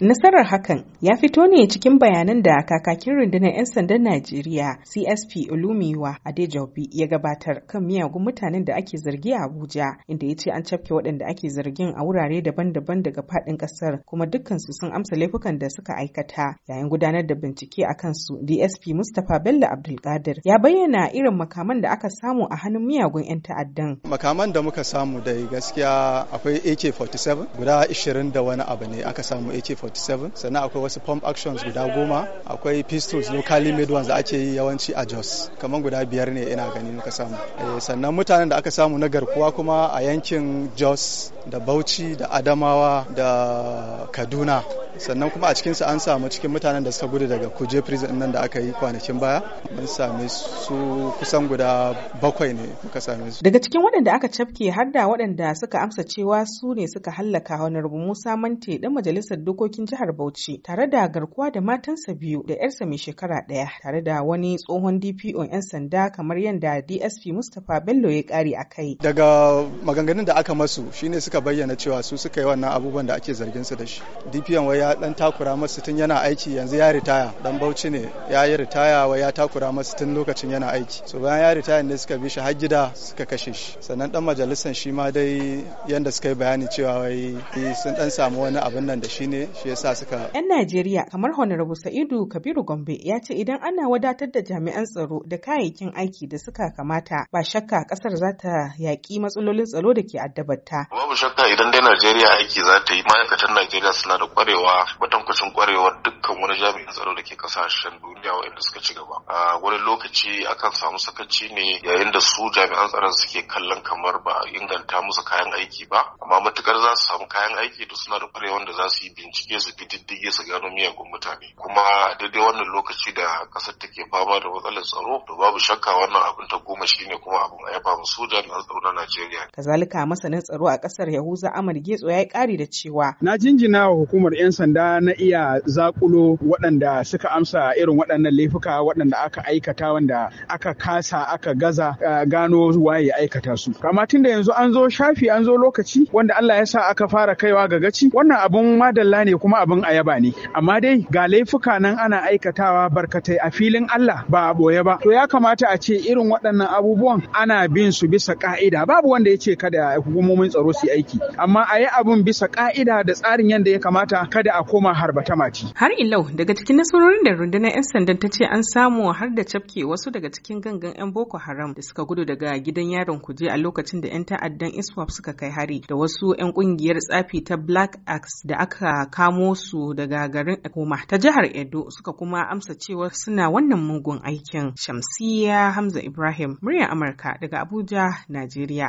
Nasarar hakan ya fito ne cikin bayanan da kakakin rundunar 'yan sandan Najeriya CSP Olumiwa Adejobi ya gabatar kan miyagun mutanen da ake zargi a Abuja inda ya ce an cafke waɗanda ake zargin a wurare daban-daban daga faɗin ƙasar kuma dukkansu sun amsa laifukan da suka aikata yayin gudanar da bincike a kansu DSP Mustapha Bello Abdulkadir ya bayyana irin makaman da aka samu a hannun miyagun 'yan ta'addan. Makaman da muka samu dai gaskiya akwai AK-47 guda 20 da wani abu ne aka samu AK-47 47 sannan akwai wasu pump actions guda goma akwai pistols locally made ones da ake yi yawanci a jos kamar guda biyar ne ina gani muka samu eh, sannan mutanen da aka samu na garkuwa kuma a yankin jos da Bauchi da Adamawa da Kaduna sannan kuma a cikinsu an samu cikin mutanen da suka gudu daga kuje prison nan da aka yi kwanakin baya mun same su kusan guda bakwai ne muka same su daga cikin waɗanda aka cafke har da waɗanda suka amsa cewa su ne suka hallaka rubu musa mante ɗan majalisar dokokin jihar bauchi tare da garkuwa da matansa biyu da yarsa mai shekara ɗaya tare da wani tsohon dpo yan sanda kamar yadda dsp mustapha bello ya kare a kai daga maganganun da aka masu shine suka suka bayyana cewa su suka yi wannan abubuwan da ake zargin su da shi dpn wai ya dan takura masu tun yana aiki yanzu ya ritaya dan bauchi ne ya yi ritaya wai ya takura masu tun lokacin yana aiki so bayan ya ritaya ne suka bi shi har gida suka kashe shi sannan dan majalisar shi ma dai yanda suka yi bayani cewa wai sun dan samu wani abin nan da shi ne shi yasa suka yan najeriya kamar honorable sa'idu kabiru gombe ya ce idan ana wadatar da jami'an tsaro da kayayyakin aiki da suka kamata ba shakka kasar za ta yaƙi matsalolin tsaro da ke addabarta. Babu shakka idan dai Najeriya aiki za ta yi ma'aikatan Najeriya suna da kwarewa batankwacin kwarewar dukkan wani jami'in tsaro da ke kasashen duniya waɗanda suka ci gaba. A wani lokaci akan samu sakaci ne yayin da su jami'an tsaron suke kallon kamar ba inganta musu kayan aiki ba amma matukar za su samu kayan aiki da suna da kwarewar da za su yi bincike su bi diddige su gano miyagun mutane kuma daidai wannan lokaci da kasar take fama da matsalar tsaro to babu shakka wannan abin ta goma shine kuma abin a yaba musu jami'an tsaro na Najeriya. Kazalika masanin tsaro a kasar jihar Yahuza Getso ya yi ƙari da cewa. Na jinjina wa hukumar 'yan sanda na iya zakulo waɗanda suka amsa irin waɗannan laifuka waɗanda aka aikata wanda aka kasa aka gaza gano waye aikata su. Kama tun da yanzu an zo shafi an zo lokaci wanda Allah ya sa aka fara kaiwa ga gaci wannan abun madalla ne kuma abun ayaba ne. Amma dai ga laifuka nan ana aikatawa barkatai a filin Allah ba a boye ba. To ya kamata a ce irin waɗannan abubuwan ana bin su bisa ka'ida babu wanda ya ce kada hukumomin tsaro su yi aiki amma a yi abun bisa ka'ida da tsarin yadda ya kamata kada a koma harbata mati har ilau daga cikin nasarorin da rundunar 'yan sandan ta ce an samu har da cafke wasu daga cikin gangan 'yan boko haram da suka gudu daga gidan yaron kuje a lokacin da 'yan ta'addan iswap suka kai hari da wasu 'yan kungiyar tsafi ta black axe da aka kamo su daga garin ekoma ta jihar edo suka kuma amsa cewa suna wannan mugun aikin shamsiya hamza ibrahim muryar amurka daga abuja najeriya